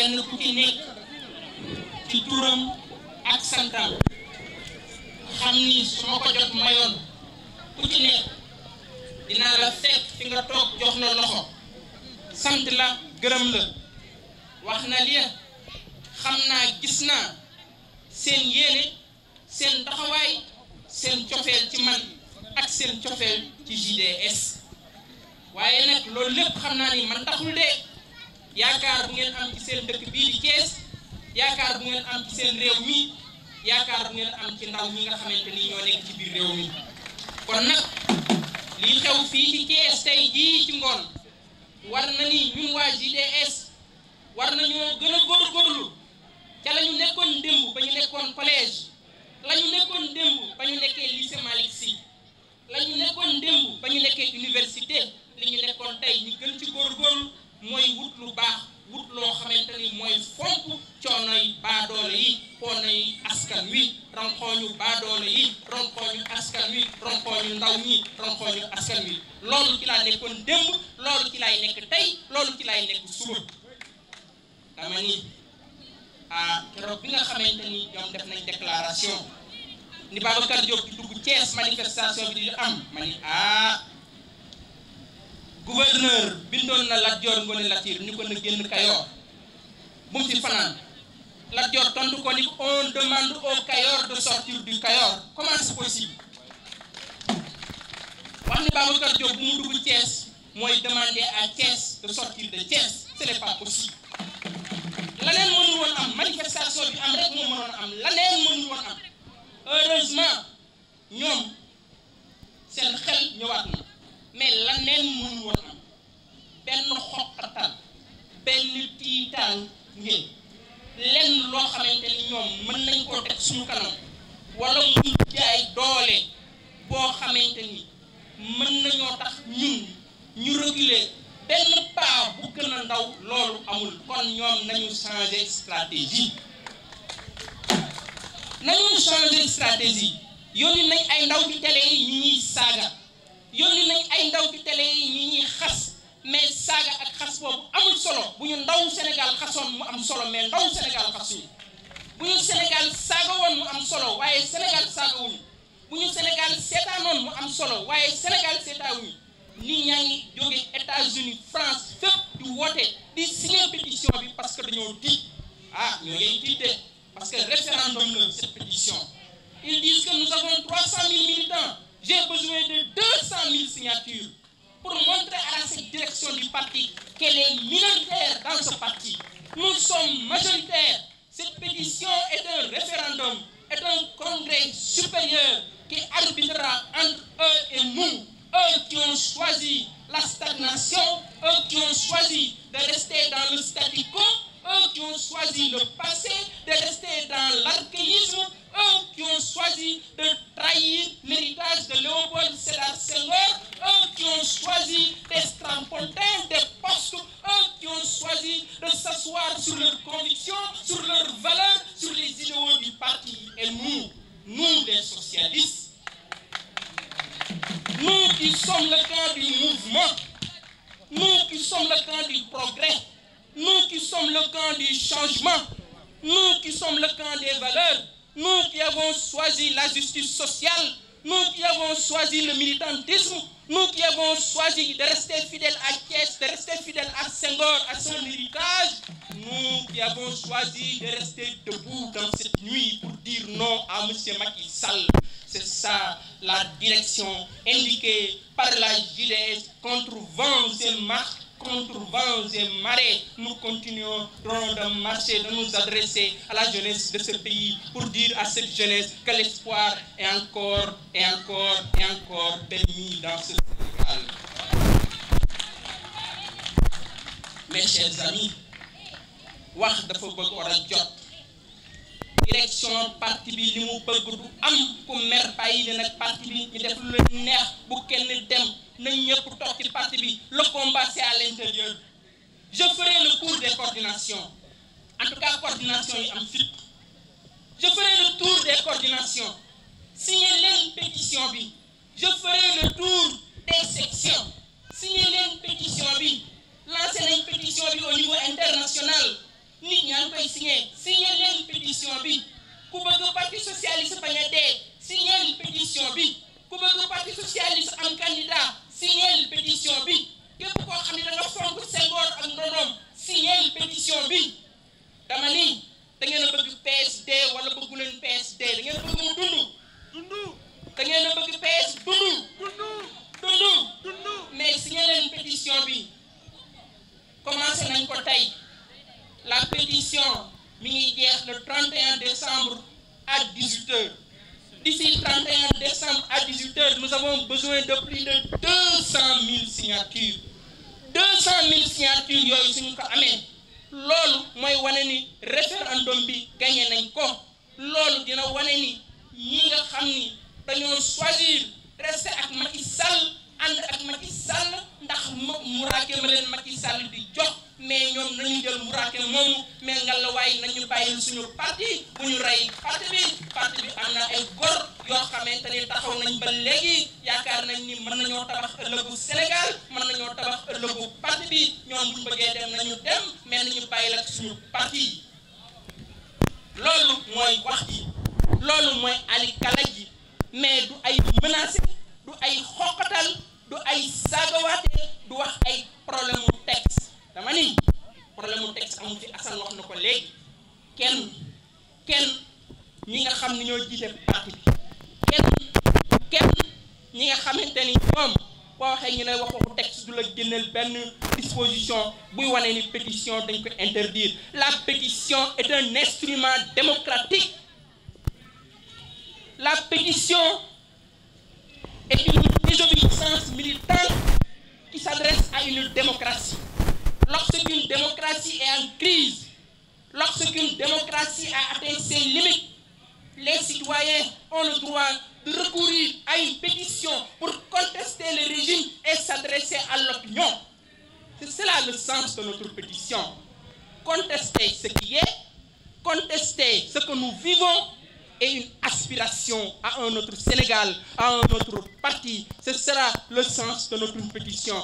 kenn ku ci nekk ci turam ak santam xam ni su ko jot mayoon ku ci nekk dinaa la fekk fi nga toog jox na loxo sant la gërëm la wax na li xam naa gis naa seen yéene seen taxawaay seen cofeel ci man ak seen cofeel ci JDS waaye nag loolu lépp xam naa ni man taxul de yaakaar bu ngeen am ci seen dëkk bii di Thiès yaakaar bu ngeen am ci seen réew mi yaakaar bu ngeen am ci ndaw ñi nga xamante ni ñoo nekk ci biir réew mi kon nag li xew fii ci Thiès tey jii ci ngoon war na ni ñun waa JDS war nañoo gën a góorgóorlu ca la ñu nekkoon démb ba ñu nekkoon collège lañu ñu nekkoon démb ba ñu nekkee lycée Malick la ñu nekkoon démb ba ñu nekkee université li ñu nekkoon tey ñu gën ci góorgóorlu mooy wut lu baax wut loo xamante ni mooy fonk coonoy baadoole yi coonoy askan wi ronkooñu baadoole yi ronkooñu askan wi ronkooñu ndaw ñi ronkooñu askan wi loolu ci laa nekkoon démb loolu ci lay nekk tey loolu ci lay nekk suba dama ni ah keroog bi nga xamante ni ñoom def nañ déclaration ni Babacar Diop di dugg Thiès manifestation bi di am ma ni ah gouverneur bindoon na Lat Joor Ngoone Latiir ni ko na génn Kayoor bu mu ci fanaan Lat tontu ko ni on demande au Kayoor de sortir du Kayoor comment c'est possible wax ni Babacar Diop bu mu dugg Thiès mooy demander à Thiès de sortir de Thiès ce n'est pas possible mënul woon am manifestation bi am rek moo mënoon am laneen mënul woon am heureusement ñoom seen xel ñëwaat na la leen mënu woon benn xoqatal benn tiitaan ngeen lenn loo xamante ni ñoom mën nañ koo def suñu kanam wala muy jaay doole boo xamante ni mën nañoo tax ñun ñu reculer benn pas bu gën a ndaw loolu amul kon ñoom nañu changer stratégie nañu changer stratégie yónni nañ ay ndaw ci télé yi ñuy saaga yónni nañ ay ndaw ci télé yi ñuy xas mais saaga ak xas boobu amul solo bu ñu ndaw Sénégal xasoon mu am solo mais ndaw Sénégal xasuñu bu ñu Sénégal saaga woon mu am solo waaye Sénégal saaga wuñu bu ñu Sénégal seetaanoon mu am solo waaye Sénégal seetaawuñu nit ñaa ngi jóge États-Unis France fépp di woote di signer pétition bi parce que dañoo tiit ah ñoo ngi tiitee parce que référendum la cette pétition ils disent que nous avons 300 000 militants J'ai besoin de signatures pour montrer à la direction du parti qu'elle est minoritaire dans ce parti. Nous sommes majoritaires. Cette pétition est un référendum, est un congrès supérieur qui arbitrera entre eux et nous, eux qui ont choisi la stagnation, eux qui ont choisi de rester dans le statu eux qui ont choisi le passé, de rester dans l'archéisme, un qui ont choisi de trahir l'héritage de Léopold Sédar Senghor, un qui ont choisi d'estamponter des postes, un qui ont choisi de s'asseoir sur leurs convictions, sur leurs valeurs, sur les idéaux du parti. Et nous, nous les socialistes, nous qui sommes le camp du mouvement, nous qui sommes le camp du progrès, nous qui sommes le camp du changement, nous qui sommes le camp des valeurs, nous qui avons choisi la justice sociale, nous qui avons choisi le militantisme, nous qui avons choisi de rester fidèles à Thiès, de rester fidèles à Senghor, à son nous qui avons choisi de rester debout dans cette nuit pour dire non à M. Macky C'est ça la direction indiquée par la JDS contre vents contre et marées, nous continuons de marcher, de nous adresser à la jeunesse de ce pays pour dire à cette jeunesse que l'espoir est encore et encore et encore dans ce Sénégal. Mes chers wax dafa bëgg war jot direction parti bi li mu bëgg du am ku mer bàyyi parti bi ñu def lu neex bu kenn dem nañ ñëpp toog ci parti bi le combat c'est à l'intérieur je ferai le cours des coordinations en tout cas coordination yi am fit je ferai le tour des coordinations signer leen pétition bi je ferai le tour des sections signer leen pétition bi lancer nañ bi au niveau international nit ñaa ngi koy signer signer leen pétition bi ku bëgg parti socialiste bañ a dee signer bi ku bëgg parti socialiste am candidat signeel pétition bi képp koo xam ne da nga fonk Senghor ak ndonoom signeel pétition bi dama ni da ngeen a bëgg PSD wala bëggu leen PSD da ngeen a bëgg mu dund. dund da ngeen a bëgg PS dund. dund dund mais signé leen pétition bi commencé nañ ko tey la pétition mi ngi jeex le 31 décembre à 18 heures. D'ici 31 décembre à 18h, nous avons besoin de plus de cent mille signatures deux cent mille signatures yooyu suñu ko amee loolu mooy wane ni référendum bi gagné nañ ko loolu dina wane ni ñi nga xam ni dañoo choisir rester ak Macky Sall ànd ak Macky Sall ndax mu ma leen Macky Sall di jox mais ñoom nañu jël muraake moomu mais nga la waaye nañu bàyyi suñu parti bu ñu rey parti bi parti bi am na ay góor yoo xamante ni taxaw nañ ba léegi yaakaar nañ ni mën nañoo tabax ëllëgu Sénégal mën nañoo tabax ëllëgu parti bi ñoom buñ bëggee dem nañu dem mais nañu bàyyi la suñu parti loolu mooy wax ji loolu mooy ali kalaj ji mais du ay menaces du ay xoqatal du ay saagawaate du wax ay problème mu teg dama ni problème mu texte amu fi assan wax na ko léegi kenn kenn ñi nga xam ni ñoo jiite parti bi kenn kenn ñi nga xamante ni ñoom boo waxee ñu ne wax waxu texte du la génneel benn disposition buy wane ni pétition dañ ko interdire la pétition est un instrument démocratique la pétition est une désobéissance militante qui s'adresse à une démocratie Lorsqu'une démocratie est en crise, lorsqu'une démocratie a atteint ses limites, les citoyens ont le droit de recourir à une pétition pour contester le régime et s'adresser à l'opinion. C'est cela le sens de notre pétition. Contester ce qui est, contester ce que nous vivons et une aspiration à un autre Sénégal, à un autre parti. Ce sera le sens de notre pétition.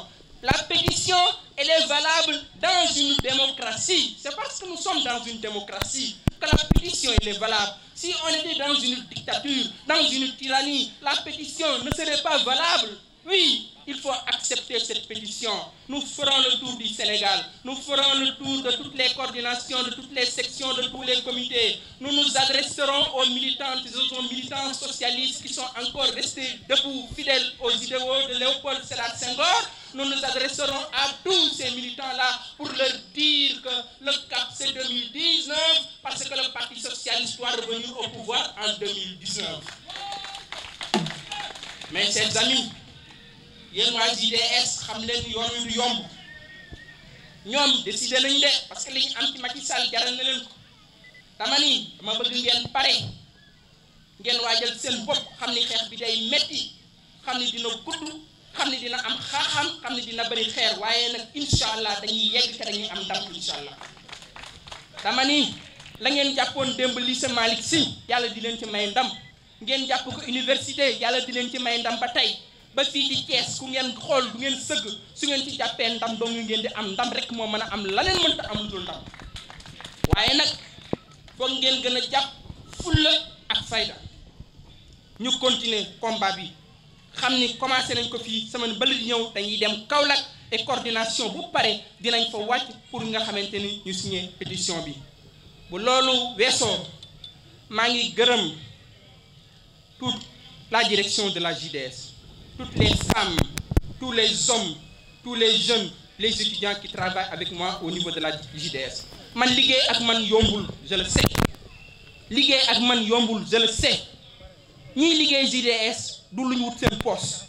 La pétition, elle est valable dans une démocratie. C'est parce que nous sommes dans une démocratie que la pétition, est valable. Si on était dans une dictature, dans une tyrannie, la pétition ne serait pas valable. Oui, il faut accepter cette pétition. Nous ferons le tour du Sénégal. Nous ferons le tour de toutes les coordinations, de toutes les sections, de tous les comités. Nous nous adresserons aux militants, aux militants socialistes qui sont encore restés debout, nous nous adresserons à tous ces militants-là pour leur dire que le cap c'est 2019 parce que le Parti socialiste doit revenir au pouvoir en 2019. Mes chers waa JDS xam leen yoon wi yomb ñoom décidé nañu de parce que li ñu am ci Macky Sall jaral neleen ko dama ni dama bëgg ngeen pare ngeen waajal seen bopp xam ni xeex bi day metti xam ni dina gudd. xam ne dina am xaaxam xam ne dina bëri xeer waaye nag incha allah dañuy yegg te dañuy am ndam incha allah dama ni la ngeen jàppoon démb lycée Malick Sy yàlla di leen ci may ndam ngeen jàpp ko université yàlla di leen ci may ndam ba tey ba fii di Cees ku ngeen xool bu ngeen sëgg su ngeen ci jàppee ndam dong ngeen di am ndam rek moo mën a am laneen mënta am dul ndam waaye nag foog ngeen gën a jàpp fulla ak fayda ñu continuer combat bi xam ni commencé nañ ko fii semaine bële di ñëw dañuy dem Kaolack et coordination bu pare dinañ fa wàcc pour nga xamante ni ñu signé pétition bi bu loolu weesoo maa ngi gërëm toute la direction de la JDS toute les femmes tous les hommes tous les jeunes les étudiants qui travaillent avec moi au niveau de la JDS man liggéey ak man yombul je le sais liggéey ak man yombul je le sais ñiy liggéey JDS du lu ñu wut seen poos